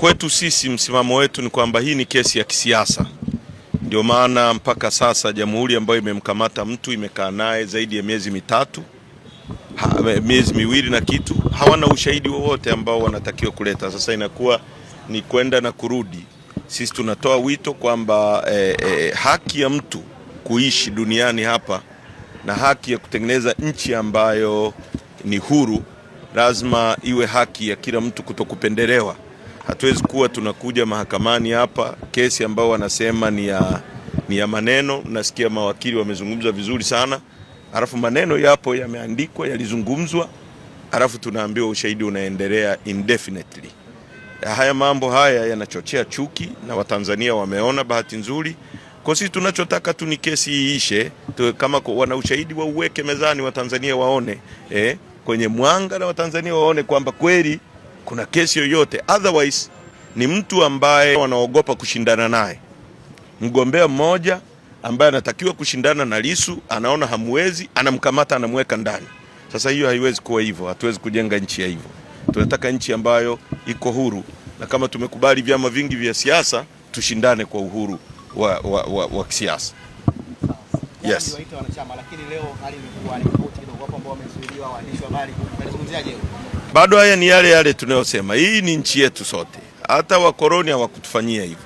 Kwetu sisi msimamo wetu ni kwamba hii ni kesi ya kisiasa, ndio maana mpaka sasa jamhuri ambayo imemkamata mtu imekaa naye zaidi ya miezi mitatu ha, miezi miwili na kitu, hawana ushahidi wowote ambao wanatakiwa kuleta. Sasa inakuwa ni kwenda na kurudi. Sisi tunatoa wito kwamba eh, eh, haki ya mtu kuishi duniani hapa na haki ya kutengeneza nchi ambayo ni huru lazima iwe haki ya kila mtu kutokupendelewa. Hatuwezi kuwa tunakuja mahakamani hapa kesi ambao wanasema ni ya, ni ya maneno. Nasikia mawakili wamezungumza vizuri sana, alafu maneno yapo yameandikwa, yalizungumzwa, alafu tunaambiwa ushahidi unaendelea indefinitely. Haya mambo haya yanachochea chuki na Watanzania wameona, bahati nzuri kwa sisi. Tunachotaka tu ni kesi iishe, kama wana ushahidi wauweke mezani, Watanzania waone eh, kwenye mwanga na Watanzania waone kwamba kweli kuna kesi yoyote. Otherwise ni mtu ambaye wanaogopa kushindana naye. Mgombea mmoja ambaye anatakiwa kushindana na Lisu anaona hamwezi, anamkamata anamweka ndani. Sasa hiyo haiwezi kuwa hivyo, hatuwezi kujenga nchi ya hivyo. Tunataka nchi ambayo iko huru, na kama tumekubali vyama vingi vya siasa, tushindane kwa uhuru wa, wa, wa, wa kisiasa. Yaani yes bado haya ni yale yale tunayosema, hii ni nchi yetu sote, hata wakoloni hawakutufanyia hivyo.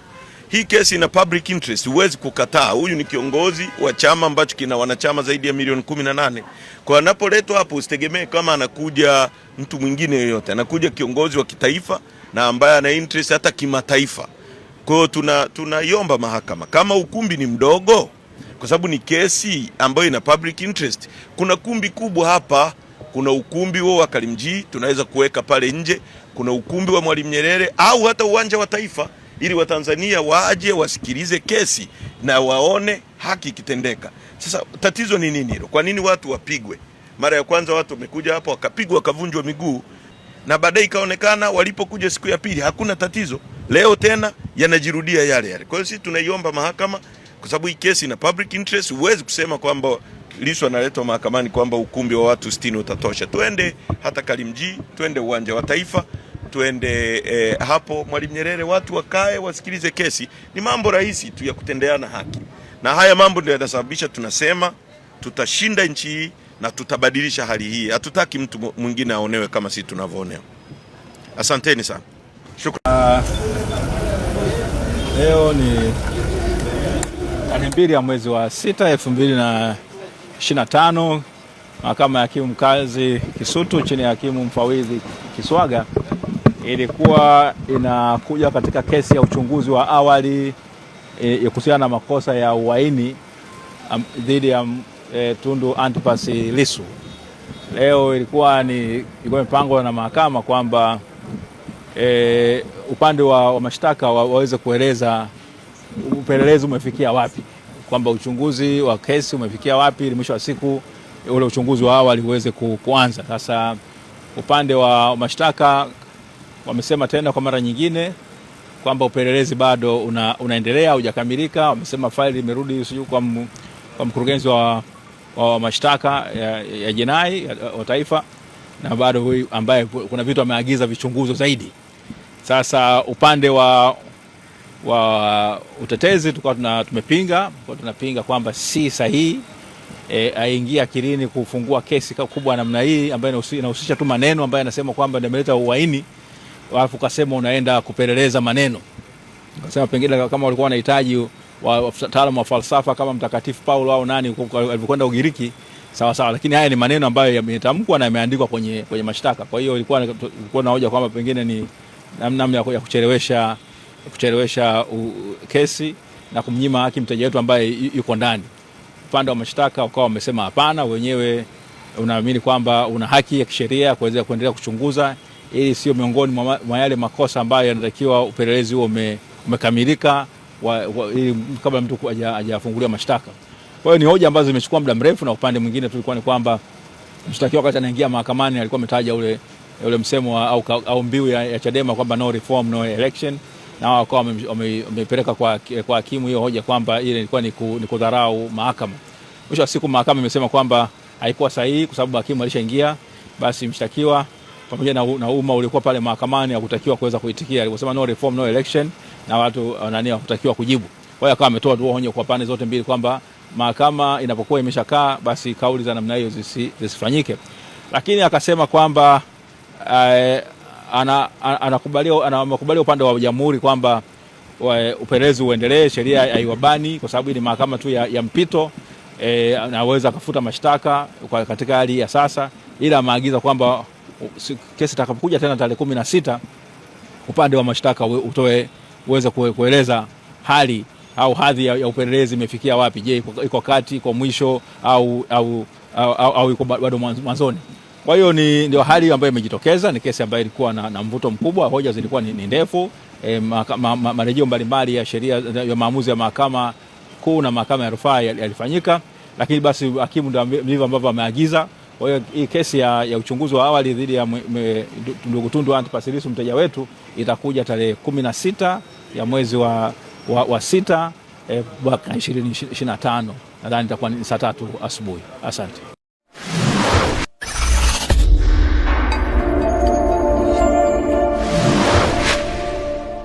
Hii kesi ina public interest, huwezi kukataa. Huyu ni kiongozi wa chama ambacho kina wanachama zaidi ya milioni 18. Kwa anapoletwa hapo, usitegemee kama anakuja mtu mwingine yoyote, anakuja kiongozi wa kitaifa na ambaye ana interest hata kimataifa. Kwa hiyo tuna tunaiomba mahakama, kama ukumbi ni mdogo, kwa sababu ni kesi ambayo ina public interest, kuna kumbi kubwa hapa kuna ukumbi huo wa Karimjee tunaweza kuweka pale nje, kuna ukumbi wa Mwalimu Nyerere au hata uwanja wa Taifa ili Watanzania waje wasikilize kesi na waone haki ikitendeka. Sasa tatizo ni nini hilo? Kwa nini watu wapigwe? Mara ya kwanza watu wamekuja hapa wakapigwa wakavunjwa miguu, na baadaye ikaonekana walipokuja siku ya pili hakuna tatizo. Leo tena yanajirudia yale yale. Kwa hiyo sisi tunaiomba mahakama, kwa sababu hii kesi ina public interest, huwezi kusema kwamba Lissu analetwa mahakamani kwamba ukumbi wa watu 60 utatosha, twende hata Karimjee, twende uwanja wa Taifa, twende eh, hapo Mwalimu Nyerere, watu wakae wasikilize kesi. Ni mambo rahisi tu ya kutendeana haki, na haya mambo ndio yanasababisha tunasema tutashinda nchi hii na tutabadilisha hali hii. Hatutaki mtu mwingine aonewe kama sisi tunavyoonewa. Asanteni sana, shukrani. Leo ni tarehe mbili ya mwezi wa sita elfu mbili na 25 mahakama ya hakimu mkazi Kisutu chini ya hakimu mfawidhi Kiswaga ilikuwa inakuja katika kesi ya uchunguzi wa awali e, kuhusiana na makosa ya uhaini dhidi ya e, Tundu Antipas Lissu. Leo ilikuwa ni ilikuwa imepangwa na mahakama kwamba e, upande wa, wa mashtaka waweze kueleza upelelezi umefikia wapi kwamba uchunguzi wa kesi umefikia wapi, ili mwisho wa siku ule uchunguzi wa awali uweze kuanza. Sasa upande wa mashtaka wamesema tena kwa mara nyingine kwamba upelelezi bado una, unaendelea hujakamilika. Wamesema faili imerudi sijui kwa, kwa mkurugenzi wa, wa mashtaka ya, ya jinai wa taifa na bado huyu ambaye kuna vitu ameagiza vichunguzo zaidi. Sasa upande wa wa utetezi tulikuwa tumepinga, kwa tunapinga kwamba si sahihi e, aingia akilini kufungua kesi kubwa namna hii ambayo inahusisha tu maneno ambayo anasema kwamba ndio ameleta uhaini, alafu kasema unaenda kupeleleza maneno. Kasema pengine kama walikuwa wanahitaji wataalamu wa falsafa kama Mtakatifu Paulo au nani alivyokwenda Ugiriki, sawa sawa, lakini haya ni maneno ambayo yametamkwa na yameandikwa kwenye, kwenye mashtaka. Kwa hiyo ilikuwa na hoja kwamba pengine ni namna namna ya kuchelewesha kuchelewesha kesi na kumnyima haki mteja wetu ambaye yuko ndani. Upande wa mashtaka ukawa wamesema hapana, wenyewe unaamini kwamba una haki ya kisheria ya kuweza kuendelea kuchunguza, ili sio miongoni mwa yale makosa ambayo yanatakiwa upelelezi huo umekamilika kabla mtu hajafunguliwa mashtaka. Kwa hiyo ni hoja ambazo zimechukua muda mrefu, na upande mwingine tulikuwa ni kwamba mshtakiwa wakati anaingia mahakamani alikuwa ametaja ule, ule msemo au, au mbiu ya, ya Chadema kwamba no reform no election na wao wakawa wamepeleka kwa hakimu hiyo hoja kwamba ile ilikuwa ni kudharau mahakama. Mwisho wa siku mahakama imesema kwamba haikuwa sahihi kwa sababu hakimu alishaingia, basi mshtakiwa pamoja na, na umma ulikuwa pale mahakamani hakutakiwa kuweza kuitikia. Aliposema no reform no election, na watu uh, nani hakutakiwa kujibu. Kwa hiyo akawa ametoa tu onyo kwa pande zote mbili kwamba mahakama inapokuwa imeshakaa basi kauli za namna hiyo zisifanyike, lakini akasema kwamba uh, anakubaliwa ana, ana upande wa jamhuri kwamba upelelezi uendelee, sheria haiwabani kwa sababu ni mahakama tu ya, ya mpito e, anaweza akafuta mashtaka katika hali ya sasa, ila ameagiza kwamba kesi itakapokuja tena tarehe kumi na sita upande wa mashtaka utoe uweze kueleza hali au hadhi ya, ya upelelezi imefikia wapi. Je, iko kati, iko mwisho au, au, au, au, au iko bado mwanzoni? Kwa hiyo ni ndio hali ambayo imejitokeza, ni kesi ambayo ilikuwa na, na mvuto mkubwa, hoja zilikuwa ni, ni ndefu e, ma, ma, ma, mbalimbali ya sheria ya maamuzi ya mahakama kuu na mahakama ya rufaa yalifanyika, lakini basi hakimu ndio ndivyo ambavyo ameagiza. Kwa hiyo hii kesi ya, ya uchunguzi wa awali dhidi ya ndugu Tundu Antipas Lissu mteja wetu itakuja tarehe kumi na sita ya mwezi wa, wa, wa sita e, mwaka eh, tano nadhani itakuwa ni saa tatu asubuhi. Asante.